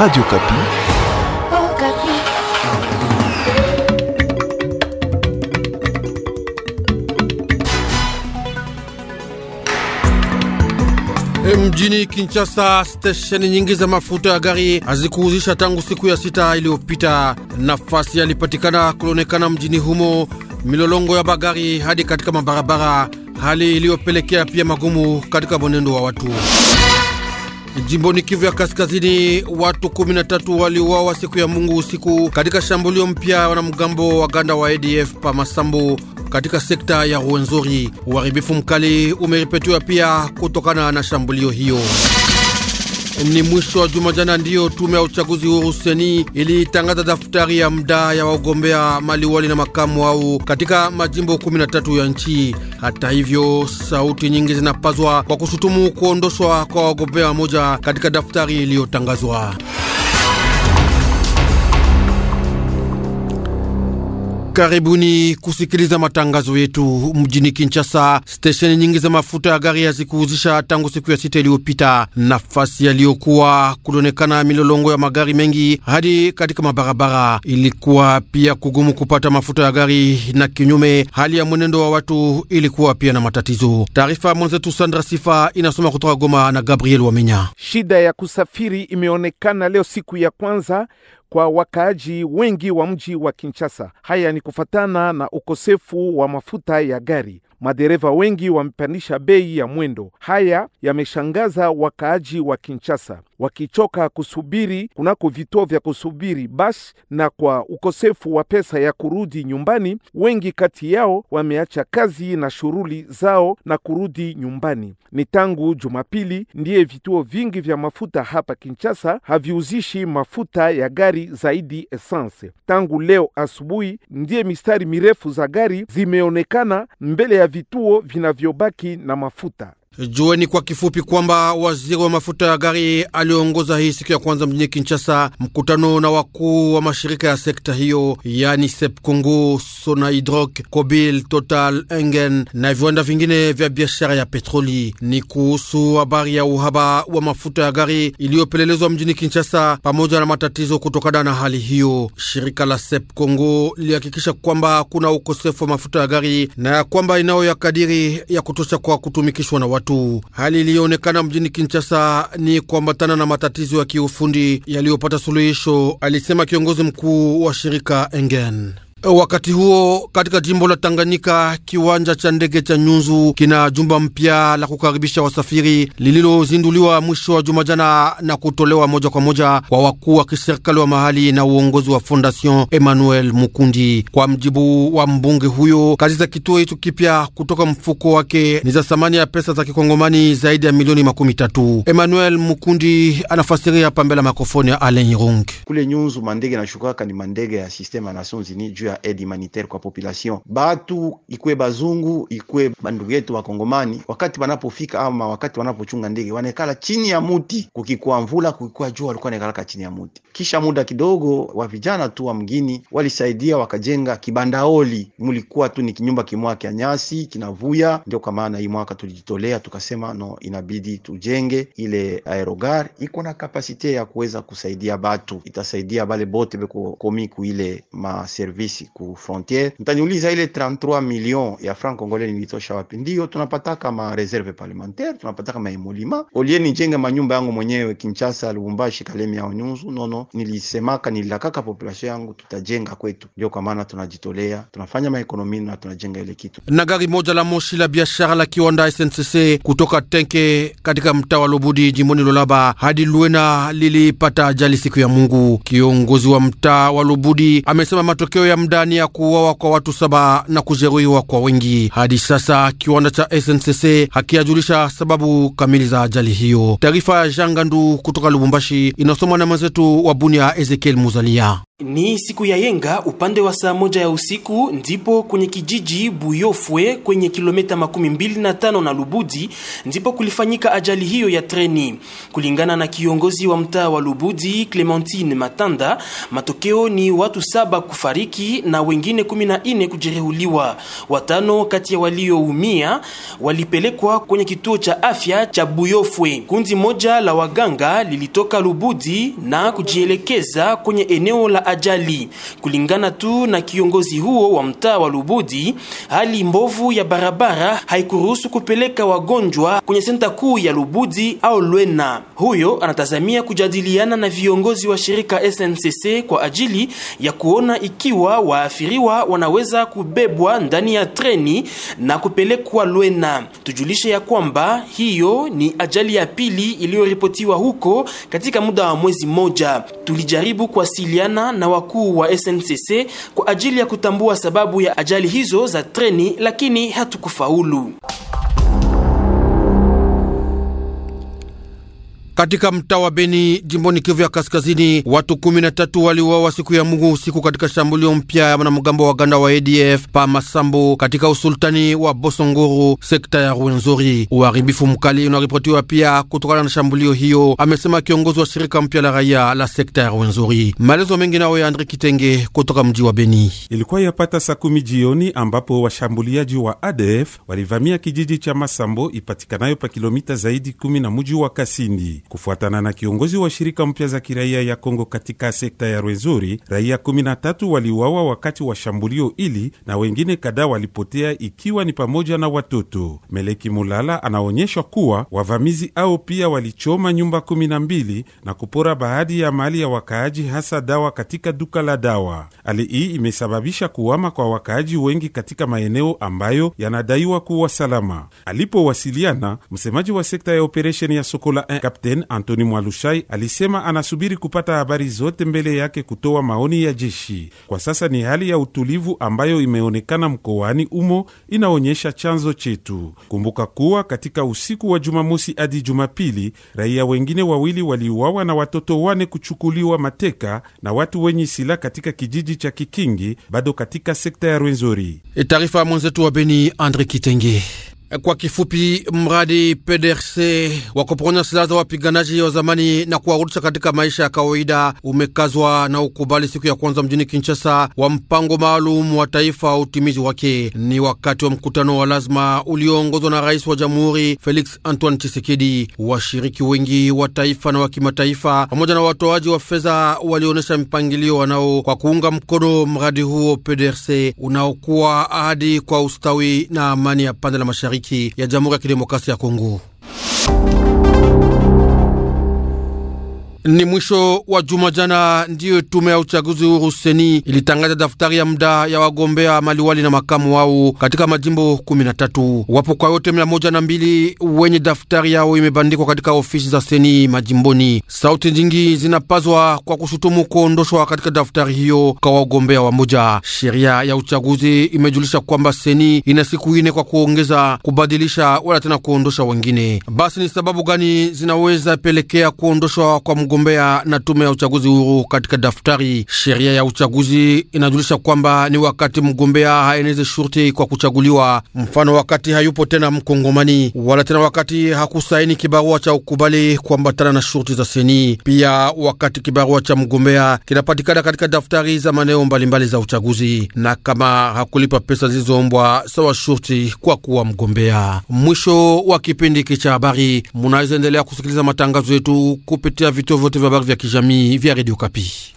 Radio Kapi. Oh, Kapi. E, mjini Kinshasa stesheni nyingi za mafuta ya gari hazikuuzisha tangu siku ya sita iliyopita. Nafasi yalipatikana kulionekana mjini humo milolongo ya bagari hadi katika mabarabara, hali iliyopelekea pia magumu katika mwenendo wa watu. Jimboni Kivu ya Kaskazini, watu 13 waliuawa siku ya Mungu usiku katika shambulio mpya wanamgambo wa ganda wa ADF pa Masambo katika sekta ya Ruwenzori. Uharibifu mkali umeripotiwa pia kutokana na shambulio hiyo. Ni mwisho wa juma jana ndiyo tume ya uchaguzi huru seni ilitangaza daftari ya mda ya wagombea maliwali na makamu au katika majimbo 13 ya nchi. Hata hivyo, sauti nyingi zinapazwa kwa kushutumu kuondoshwa kwa wagombea moja katika daftari iliyotangazwa. Karibuni kusikiliza matangazo yetu. Mjini Kinshasa, stesheni nyingi za mafuta ya gari hazikuuzisha tangu siku ya sita iliyopita, nafasi yaliyokuwa kulionekana milolongo ya magari mengi hadi katika mabarabara. Ilikuwa pia kugumu kupata mafuta ya gari na kinyume, hali ya mwenendo wa watu ilikuwa pia na matatizo. Taarifa mwenzetu Sandra Sifa inasoma kutoka Goma na Gabriel Wamenya. Shida ya kusafiri imeonekana leo siku ya kwanza kwa wakaaji wengi wa mji wa Kinshasa. Haya ni kufatana na ukosefu wa mafuta ya gari madereva wengi wamepandisha bei ya mwendo. Haya yameshangaza wakaaji wa Kinshasa wakichoka kusubiri kunako vituo vya kusubiri basi, na kwa ukosefu wa pesa ya kurudi nyumbani, wengi kati yao wameacha kazi na shughuli zao na kurudi nyumbani. Ni tangu Jumapili ndiye vituo vingi vya mafuta hapa Kinshasa haviuzishi mafuta ya gari zaidi essence. Tangu leo asubuhi ndiye mistari mirefu za gari zimeonekana mbele ya vituo vinavyobaki na mafuta. Jueni kwa kifupi kwamba waziri wa mafuta ya gari aliongoza hii siku ya kwanza mjini Kinshasa mkutano na wakuu wa mashirika ya sekta hiyo, yani Sep Congo, Sonaidrok, Kobil, Total, Engen na viwanda vingine vya biashara ya petroli. Ni kuhusu habari ya uhaba wa mafuta ya gari iliyopelelezwa mjini Kinshasa pamoja na matatizo kutokana na hali hiyo. Shirika la Sep Congo lilihakikisha kwamba kuna ukosefu wa mafuta ya gari na ya kwamba inayo ya kadiri ya kutosha kwa kutumikishwa na watu tatu. Hali iliyoonekana mjini Kinshasa ni kuambatana na matatizo ya kiufundi yaliyopata suluhisho, alisema kiongozi mkuu wa shirika Engen. Eh, wakati huo katika jimbo la Tanganyika, kiwanja cha ndege cha Nyunzu kina jumba mpya la kukaribisha wasafiri lililozinduliwa mwisho wa juma jana na kutolewa moja kwa moja kwa wakuu wa kiserikali wa mahali na uongozi wa Fondation Emmanuel Mukundi. Kwa mjibu wa mbunge huyo, kazi za kituo hicho kipya kutoka mfuko wake ni za thamani ya pesa za kikongomani zaidi ya milioni makumi tatu. Emmanuel Mukundi anafasiria pambela makofoni ya Alen Irung. Kule Nyunzu mandege nashukaka ni mandege ya sistema ya Nations Unies juu ya aide humanitaire kwa population batu, ikwe bazungu ikwe bandugu yetu Wakongomani, wakati wanapofika ama wakati wanapochunga ndege wanaekala chini ya muti, kukikua mvula kukikua jua walikuwa wanaekalaka chini ya muti. Kisha muda kidogo wa vijana tu wa mgini walisaidia wakajenga kibandaoli, mulikuwa tu ni kinyumba kimoja kya nyasi kinavuya. Ndio kwa maana hii mwaka tulijitolea tukasema, no, inabidi tujenge ile aerogar iko na kapasite ya kuweza kusaidia batu, itasaidia bale bote beko komi kuile service polisi ku frontiere. ntaniuliza ile 33 million ya franc congolais nilitosha wapi? ndio tunapataka ma reserve parlementaire, tunapataka ma emolima olie nijenga manyumba yangu mwenyewe Kinshasa, Lubumbashi, Kalemi au Nyunzu. Nono, nilisemaka nililakaka population yangu tutajenga kwetu, ndio kwa maana tunajitolea, tunafanya maekonomi na tunajenga ile kitu. Na gari moja la moshi la biashara la kiwanda SNCC kutoka Tenke katika mtaa wa Lubudi jimoni Lolaba hadi Luena lilipata ajali siku ya Mungu. Kiongozi wa mtaa wa Lubudi amesema matokeo ya ndani ya kuuawa kwa watu saba na kujeruhiwa kwa wengi. Hadi sasa kiwanda cha SNCC hakiajulisha sababu kamili za ajali hiyo. Taarifa ya Gandu kutoka Lubumbashi inasomwa na mwenzetu wa Bunia Ezekiel Muzalia. Ni siku ya yenga upande wa saa moja ya usiku ndipo kwenye kijiji Buyofwe kwenye kilomita makumi mbili na tano na Lubudi ndipo kulifanyika ajali hiyo ya treni. Kulingana na kiongozi wa mtaa wa Lubudi Clementine Matanda, matokeo ni watu saba kufariki na wengine kumi na nne kujeruhiwa. Watano kati ya walioumia walipelekwa kwenye kituo cha afya cha Buyofwe. Kundi moja la waganga lilitoka Lubudi na kujielekeza kwenye eneo la ajali. Kulingana tu na kiongozi huo wa mtaa wa Lubudi, hali mbovu ya barabara haikuruhusu kupeleka wagonjwa kwenye senta kuu ya Lubudi au Lwena. Huyo anatazamia kujadiliana na viongozi wa shirika SNCC kwa ajili ya kuona ikiwa waathiriwa wanaweza kubebwa ndani ya treni na kupelekwa Lwena. Tujulishe ya kwamba hiyo ni ajali ya pili iliyoripotiwa huko katika muda wa mwezi mmoja. Tulijaribu kuwasiliana na wakuu wa SNCC kwa ajili ya kutambua sababu ya ajali hizo za treni, lakini hatukufaulu. katika mtaa wa Beni jimboni Kivu ya Kaskazini, watu kumi na tatu waliuawa siku ya Mungu usiku katika shambulio mpya ya wanamgambo wa Uganda wa ADF pa Masambo katika usultani wa Bosonguru sekta ya ruenzori Uharibifu mkali unaripotiwa pia kutokana na shambulio hiyo, amesema kiongozi wa shirika mpya la raia la sekta ya Rwenzori. Maelezo mengi nayo ya Andri Kitenge kutoka mji wa Beni. Ilikuwa yapata saa kumi jioni ambapo washambuliaji wa ADF walivamia kijiji cha Masambo ipatikanayo pa kilomita zaidi kumi na muji wa Kasindi. Kufuatana na kiongozi wa shirika mpya za kiraia ya Kongo katika sekta ya Rwenzori, raia 13 waliuawa wakati wa shambulio hili na wengine kadhaa walipotea, ikiwa ni pamoja na watoto. Meleki Mulala anaonyeshwa kuwa wavamizi au pia walichoma nyumba 12 na kupora baadhi ya mali ya wakaaji, hasa dawa katika duka la dawa. Hali hii imesababisha kuwama kwa wakaaji wengi katika maeneo ambayo yanadaiwa kuwa salama. Alipowasiliana msemaji wa sekta ya operesheni ya Sokola 1 eh, Eden Antoni Mwalushai alisema anasubiri kupata habari zote mbele yake kutoa maoni ya jeshi. Kwa sasa ni hali ya utulivu ambayo imeonekana mkoani umo, inaonyesha chanzo chetu. Kumbuka kuwa katika usiku wa Jumamosi hadi Jumapili raia wengine wawili waliuawa na watoto wane kuchukuliwa mateka na watu wenye sila katika kijiji cha Kikingi, bado katika sekta ya Rwenzori. E, taarifa mwenzetu wa Beni Andre Kitenge. Eh, kwa kifupi, mradi PDRC wa kuponya silaha za wapiganaji wa zamani na kuwarudisha katika maisha ya kawaida umekazwa na ukubali siku ya kwanza mjini Kinshasa wa mpango maalum wa taifa wa utimizi wake. Ni wakati wa mkutano wa lazima ulioongozwa na rais wa jamhuri Felix Antoine Tshisekedi. Washiriki wengi wa taifa na wa kimataifa pamoja na watoaji wa fedha walionyesha mpangilio wanao kwa kuunga mkono mradi huo PDRC unaokuwa ahadi kwa ustawi na amani ya pande la mashariki mashariki ya Jamhuri ya Kidemokrasia ya Kongo. Ni mwisho wa juma jana ndiyo tume ya uchaguzi huru seni ilitangaza daftari ya muda ya wagombea maliwali na makamu wao katika majimbo kumi na Wapo kwa yote mia moja na mbili wenye daftari yao imebandikwa katika ofisi za seni majimboni. Sauti nyingi zinapazwa kwa kushutumu kuondoshwa katika daftari hiyo kwa wagombea wa moja. Sheria ya uchaguzi imejulisha kwamba seni ina siku ine kwa kuongeza, kubadilisha wala tena kuondosha wengine. Basi ni sababu gani zinaweza pelekea kuondoshwa kwa mgombea wagombea na tume ya uchaguzi huru katika daftari. Sheria ya uchaguzi inajulisha kwamba ni wakati mgombea haeneze shurti kwa kuchaguliwa, mfano wakati hayupo tena mkongomani wala tena wakati hakusaini kibarua cha ukubali kuambatana na shurti za seni, pia wakati kibarua cha mgombea kinapatikana katika daftari za maeneo mbalimbali za uchaguzi, na kama hakulipa pesa zilizoombwa sawa shurti kwa kuwa mgombea. Mwisho wa kipindi hiki cha habari, munaweza endelea kusikiliza matangazo yetu kupitia vituo vyote vya habari vya kijamii vya Radio Kapi.